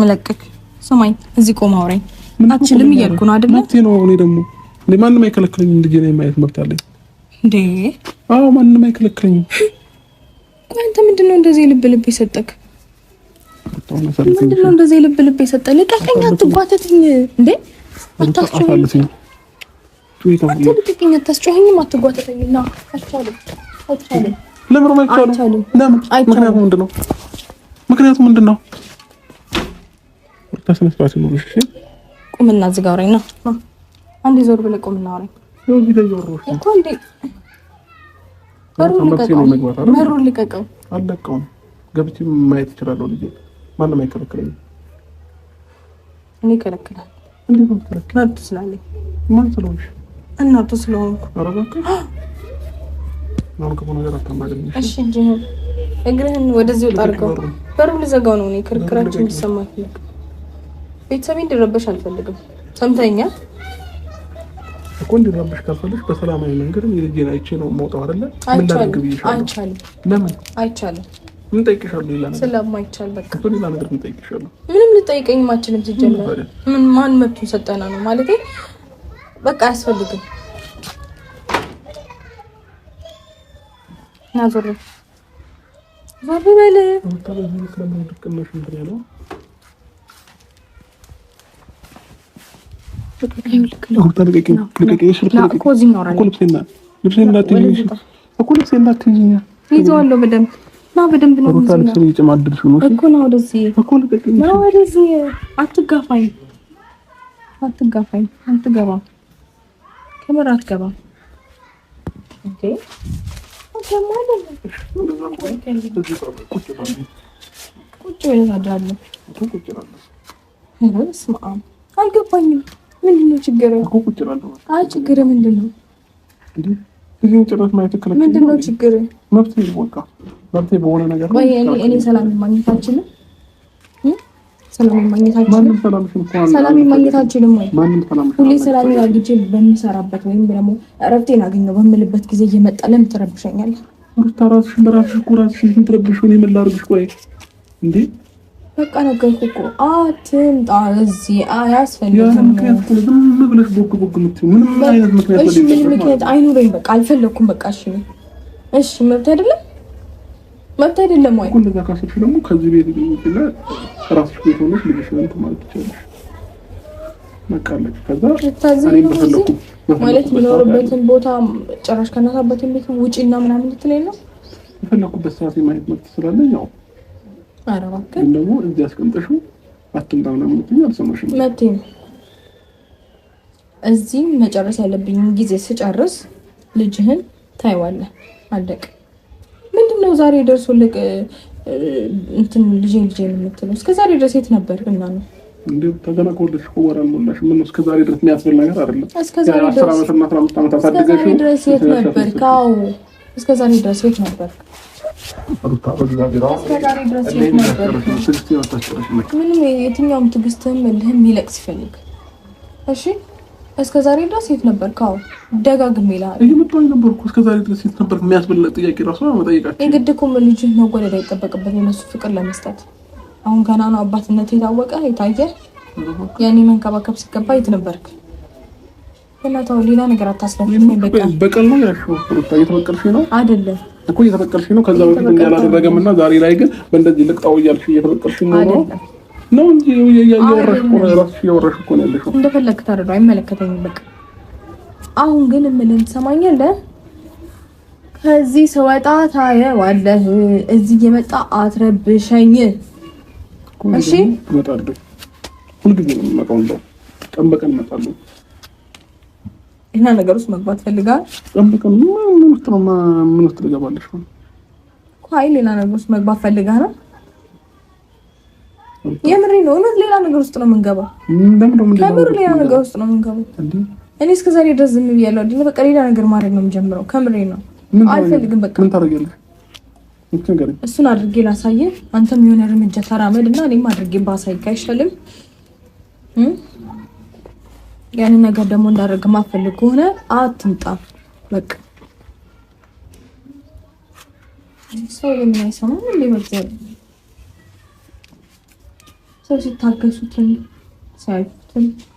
መለቀቅ ስማኝ፣ እዚህ ቆም አውራኝ። አችልም እያልኩ ነው አይደል? መብቴ ነው። እኔ ደግሞ ማንም አይከለክለኝም። ልጄ ነው የማየት መብት አለኝ እንዴ? አዎ፣ ማንም አይከለክለኝም። ቆይ አንተ ምንድን ነው እንደዚህ ልብ ልብ የሰጠክ? ምንድን ነው እንደዚህ ልብ ልብ የሰጠህ? ልቀቀኝ፣ አትጓተትኝ እንዴ! አታስጮኸኝም፣ አትልቀቀኝ፣ አታስጮኸኝም፣ አትጓተተኝ። ና አልቻለም፣ አልቻለም። ለምን አይቻልም? ለምን? ምክንያቱ ምንድን ነው? ምክንያቱ ምንድን ነው? በስነ ስርዓት ነው። እሺ ቁምና እዚህ ጋር አውሪኝ ነው። አንዴ ዞር ብለህ ቁምና አውሪኝ። በሩን ልቀቀው። አልለቀውም። ገብቼ ማየት እችላለሁ። ልጄ ማንም አይከለክለኝም። እኔ እከለክላለሁ። እንዴት ነው የምትከለክለው? ስላለኝ ማን ስለሆንሽ? እናቱ ስለሆንኩ። ኧረ እባክህ ነገር አታናግሪኝ እሺ እንጂ እግርህን ወደዚህ ወጣ አድርገው። በሩን ልዘጋው ነው እኔ ክርክራችን እንዲሰማት ቤተሰቤ እንዲረበሽ አልፈልግም። ሰምተኛ እኮ እንዲረበሽ ካልፈለግሽ በሰላማዊ መንገድ የልጄን አይቼ ነው የማውጣው አይደለ? አይቻልም። ለምን ምንም ልጠይቀኝ ማችልም። ሲጀመር ምን ማን መብቱን ሰጠና ነው ማለት በቃ አያስፈልግም። ናዞር ዞር በለ ይዘዋለሁ በደንብ ና በደንብ ነው እኮ ና ወደዚህ ና ወደዚህ አትጋፋኝ አትጋፋኝ አትገባም ከምር አትገባም ቁጭ አልገባኝም ምንድን ነው ችግር? አይ ችግር ምንድን ነው? ምንድን ነው ችግር? በሆነ ነገር እኔ ሰላም ማግኘት አልችልም። ሰላም ማግኘት አልችልም። ሰላም ሁሌ ሰላም አግኝቼ በምሰራበት ወይም ደግሞ እረፍቴን አገኘሁ በምልበት ጊዜ እየመጣ ለምን ትረብሸኛለህ? ራስሽን በራስሽ እኮ ራስሽን ትረብሽ ሆን የምላርግሽ ቆይ እንዴ በቃ ነገርኩ እኮ አትምጣ፣ እዚህ አያስፈልግም። ምክንያት አይኑረኝ። በቃ አልፈለኩም። በቃ እሺ፣ እሺ፣ መብት አይደለም መብት አይደለም ወይ? እንደዛ ካሰብሽ ደግሞ ከዚህ ቤት ከራስሽ ቤት ሆነሽ ልጅሽ እንትን ማለት ትችላለሽ። በቃ ከዛ ማለት የሚኖርበትን ቦታ ጭራሽ ከእናት አባትን ቤት ውጪና ምናምን ልትለኝ ነው። የፈለኩበት ሰዓት የማየት መብት ስላለኝ ያው ግን ደግሞ እዚህ አልሰማሽም። እዚህ መጨረስ ያለብኝ ጊዜ ስጨርስ ልጅህን ታይዋለህ። አለቅ ምንድን ነው ዛሬ ደርሶ ልቅ እንትን ልጄ ልጄ የምትለው እስከ ዛሬ ድረስ የት ነበር? እና ነው ተገና ከወለድሽ እኮ ወር አልሞላሽ። ምን እስከ ዛሬ ድረስ የሚያስብል ነገር አይደለም። እስከ ዛሬ ድረስ የት ነበር? እስከ ዛሬ ድረስ የት ነበር? ምንም የትኛውም ትዕግስትህም እልህም ይለቅ ሲፈልግ እሺ እስከ ዛሬ ድረስ የት ነበርኩ። እስከ ዛሬ ድረስ የት ጥያቄ ራሱ መጠየቃቸው የግድ እኮ አይጠበቅበት የነሱ ፍቅር ለመስጠት አሁን ገና ነው አባትነት የታወቀ የታየ መንከባከብ ሲገባ የት ነበርክ? በእናትህ ሌላ ነገር አታስለምኝ። በቀል ነው እየተበቀልሽ ነው አይደለም እኮ እየተበቀልሽ ነው። ከዛ በፊት እንዳላደረገም እና ዛሬ ላይ ግን በእንደዚህ ልቅጣው እያልሽ እየተበቀልሽ ነው ነው ነው እንጂ እያወራሽ እኮ ነው እራስሽ እያወራሽ እኮ ነው ያለሽው። እንደፈለግህ ታደርገው አይመለከተኝም። በቃ አሁን ግን የምልህን ትሰማኛለህ? ከዚህ ስወጣ ታየዋለህ። እዚህ እየመጣ አትረብሸኝ እሺ? እመጣለሁ። ሁልጊዜ ነው የምመጣው። እንደው ቀን በቀን እመጣለሁ ሌላ ነገር ውስጥ መግባት ፈልጋል። ውስጥ አይ ሌላ ነገር ውስጥ መግባት ፈልጋ ነው። የምሬ ነው። እውነት ሌላ ነገር ውስጥ ነው የምንገባው። ከምር ሌላ ነገር ውስጥ ነው የምንገባው። እኔ ዛሬ ድረስ ዝም ብያለሁ አይደለ? በቃ ሌላ ነገር ማድረግ ነው የምጀምረው። ከምሬ ነው። አልፈልግም። በቃ እሱን አድርጌ ላሳየ አንተም የሆነ እርምጃ ተራመድ እና እኔም አድርጌ ባሳይ አይሻልም? ያንን ነገር ደግሞ እንዳደረግ ማፈልግ ከሆነ አትምጣ። በቃ ሰው ለምን አይሰማም? ሰው ሲታገሱትን ያለሁት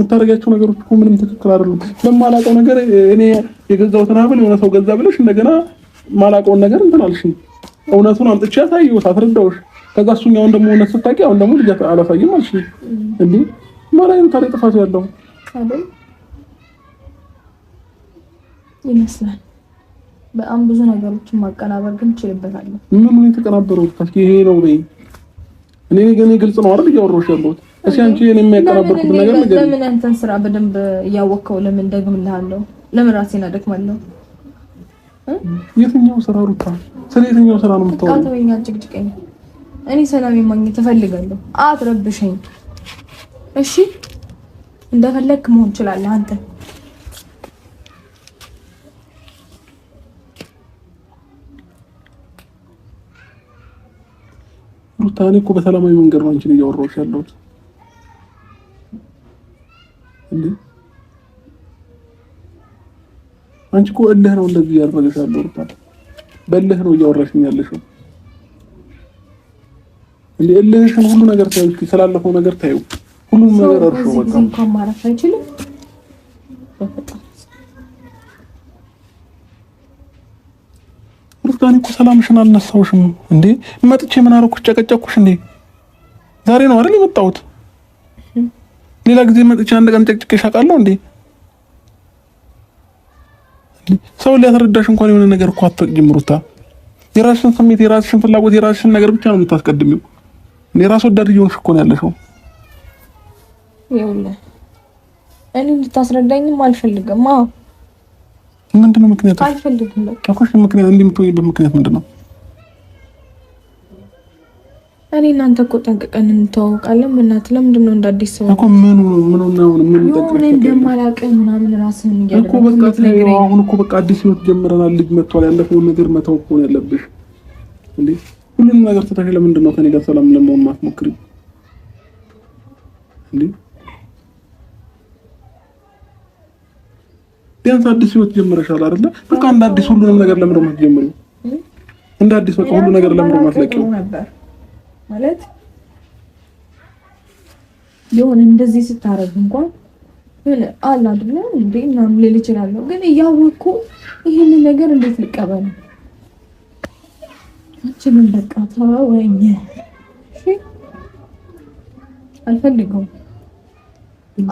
የምታደርጊያቸው ነገሮች እኮ ምንም ትክክል አይደሉም። ለማላውቀው ነገር እኔ የገዛሁትን ሀብል የሆነ ሰው ገዛ ብለሽ እንደገና ማላውቀውን ነገር እንትን አልሽኝ። እውነቱን አምጥቼ አስረዳሁሽ። ከዛ እሱኛውን ደግሞ እውነት ስታውቂ አሁን ደግሞ ልጅ አላሳይም አልሽ እንዴ? ማርያም ታዲያ ጥፋት ያለው ይመስላል። በጣም ብዙ ነገሮችን ማቀናበር ግን እችልበታለሁ። ምን ምን የተቀናበረው ይሄ ነው ነው እኔ ግን ግልጽ ነው አይደል እያወራሁሽ ያለሁት። እስኪ አንቺ እኔ የሚያቀናበርኩት ነገር ነገር ለምን አንተን ስራ በደንብ እያወቅኸው ለምን ደግምልሃለሁ? ለምን ራሴን አደክማለሁ? የትኛው ስራ ሩታ? ስለ የትኛው ስራ ነው የምታወራው? ቃተኛ ጭቅጭቀኛ እኔ ሰላም ማግኘት እፈልጋለሁ። አትረብሸኝ፣ እሺ? እንደፈለክ መሆን ይችላል አንተ። ሩታ፣ እኮ በሰላማዊ መንገድ ነው አንቺን እያወራሁሽ ያለሁት። አንቺ እኮ እልህ ነው እንደዚህ እያደረገሽ ያለው ሩታ፣ በእልህ ነው እያወራሽኝ ያለሽው። እልህሽን ሁሉ ነገር ታዩ፣ ስላለፈው ነገር ታዩ፣ ሁሉም ነገር እርሾ በቃ እንኳን ማረፍ አይችልም። ብርቱካን እኮ ሰላምሽን አልነሳሁሽም እንዴ? መጥቼ ምን አደረኩሽ? ጨቀጨኩሽ እንዴ? ዛሬ ነው አይደል የመጣሁት? ሌላ ጊዜ መጥቼ አንድ ቀን ጨቅጭቄሽ አውቃለሁ እንዴ? ሰው ሊያስረዳሽ እንኳን የሆነ ነገር እኮ አትፈቅጂም ሩታ። የራስሽን ስሜት፣ የራስሽን ፍላጎት፣ የራስሽን ነገር ብቻ ነው የምታስቀድሚው። ራስ ወዳድ እየሆንሽ እኮ ነው ያለሽው። ይኸውልህ እኔ እንድታስረዳኝም አልፈልግም። አዎ ምንድነው ምክንያት? አልፈልግም በቃ እኮ። ምክንያት እንዲህ የምትሆኝበት ምክንያት ምንድነው? እኔ እናንተ እኮ ጠንቅቀን እንተዋወቃለን። በእናትህ ለምንድን ነው እንደ አዲስ ሰው እኮ ምን ምን ነው ምን ምን እንደማላውቅህ ምናምን ራስህን እያደረግህ እኮ በቃ አሁን እኮ በቃ አዲስ ህይወት ጀምረናል። ልጅ መጥቷል። ያለፈውን ነገር መተው እኮ ነው ያለብሽ እንዴ ሁሉንም ነገር ትተሽ ለምንድን ነው ከኔ ጋር ሰላም ለመሆን ማትሞክሪ? እንዴ ቢያንስ አዲስ ህይወት ጀምረሻል አይደለ? በቃ እንደ አዲስ ሁሉንም ነገር ለምን ነው የማትጀምሪው? እንደ አዲስ በቃ ሁሉ ነገር ለምን ነው የማትለቂው? ማለት የሆነ እንደዚህ ስታረግ እንኳን አላ አይደለ እንዴ ምናምን ልል እችላለሁ፣ ግን እያወቅሁ ይህንን ነገር እንዴት ልቀበለው አችልም በቃ ተወኝ። አልፈልገውም።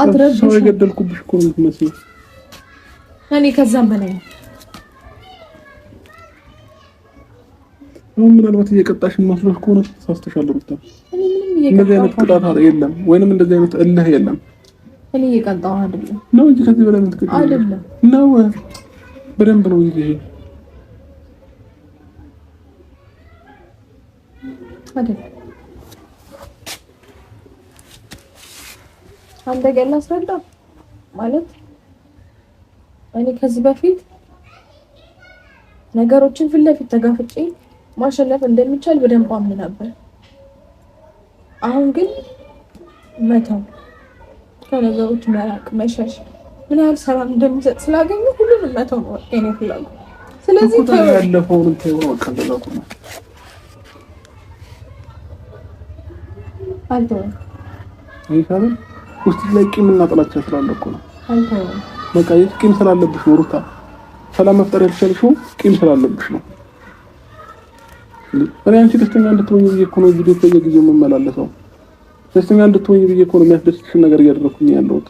አትረብሽ። ሰው የገደልኩብሽ እኮ ነው የምትመስለው። እኔ ከዛም በላይ አሁን ምናልባት እየቀጣሽ መስሎሽ ከሆነ ተሳስተሻል። ሩታ እንደዚህ አይነት ቅጣት የለም ወይንም እንደዚህ አይነት እልህ የለም። እኔ እየቀጣሁ አይደለም ነው እንጂ ከዚህ በላይ የምትቀጪው አይደለም ነው። በደንብ ነው እንጂ አይደለም። አንተ ገና አስረዳ ማለት እኔ ከዚህ በፊት ነገሮችን ፊት ለፊት ተጋፍጬ ማሸነፍ እንደሚቻል በደንብ አምን ነበር። አሁን ግን መተው፣ ከነገሮች መራቅ፣ መሸሽ ምን ያህል ሰላም እንደሚሰጥ ስላገኘ ሁሉንም መተው ነው የኔ ፍላጎት። ስለዚህ ያለፈውን አልተወውም። አይታለም ውስጥ ላይ ቂም እና ጥላቻ ስላለ እኮ ነው። አልተወውም። በቃ የት ቂም ስላለብሽ ነው ሩታ። ሰላም መፍጠር ያልቻልሽው ቂም ስላለብሽ ነው። እኔ አንቺ ደስተኛ እንድትሆኝ ብዬ እኮ ነው ቪዲዮ በየጊዜው የምመላለሰው። ደስተኛ እንድትሆኝ ብዬ እኮ ነው የሚያስደስትሽን ነገር እያደረኩኝ ያለሁት።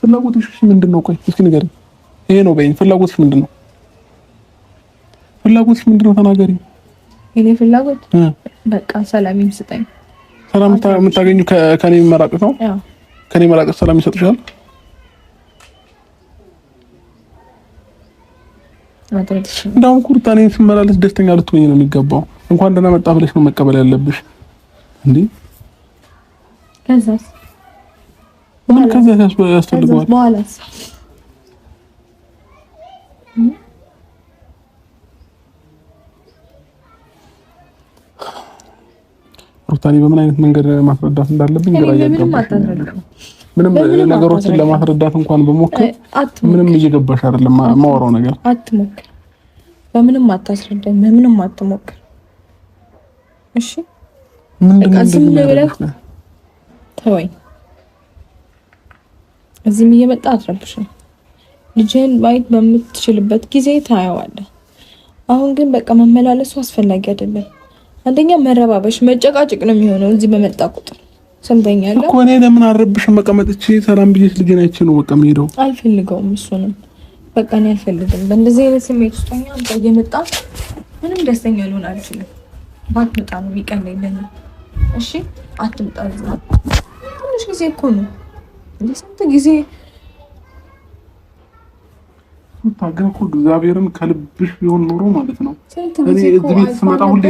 ፍላጎትሽ ምንድን ነው? ቆይ እስኪ ንገሪኝ። ይሄ ነው በይኝ። ፍላጎትሽ ምንድን ነው? ፍላጎትሽ ምንድን ነው? ተናገሪ። የኔ ፍላጎት በቃ ሰላም ስጠኝ። ሰላም የምታገኙ ከኔ መራቅ ነው። ከኔ መራቅ ሰላም ይሰጥሻል። እንደውም ኩርታ እኔን ስመላለስ ደስተኛ ልትሆኝ ነው የሚገባው። እንኳን ደህና መጣ ብለሽ ነው መቀበል ያለብሽ። እንዴ ከዛስ ምን ከዛስ ያስፈልገዋል ሩታኔ በምን አይነት መንገድ ማስረዳት እንዳለብኝ ግራ ምንም ነገሮችን ለማስረዳት እንኳን በሞክር ምንም እየገባሽ አይደለም። ማወራው ነገር አትሞክር፣ በምንም አታስረዳኝ፣ በምንም አትሞክር። እሺ ምንድነው ብለህ ተወኝ። እዚህም እየመጣ አትረብሽም። ልጅህን ማየት በምትችልበት ጊዜ ታየዋለህ። አሁን ግን በቃ መመላለሱ አስፈላጊ አይደለም። አንደኛ መረባበሽ፣ መጨቃጭቅ ነው የሚሆነው እዚህ በመጣ ቁጥር። ሰምተኛለህ እኮ እኔ ለምን አረብሽ መቀመጥ ሰላም ብዬሽ ልጄን አይቼ ነው በቃ የምሄደው። አልፈልገውም እሱንም በቃ እኔ አልፈልግም። በእንደዚህ አይነት ስሜት ውስጥ ሆኜ አንተ እየመጣ ምንም ደስተኛ ልሆን አልችልም። ባትመጣ ነው የሚቀለኝ ለእኔ። እሺ አትምጣ። ትንሽ ጊዜ እኮ ነው እንደ ስንት ጊዜ ግን እኮ እግዚአብሔርን ከልብሽ ቢሆን ኖሮ ማለት ነው እኔ እዚህ ቤት ስመጣ ሁሌ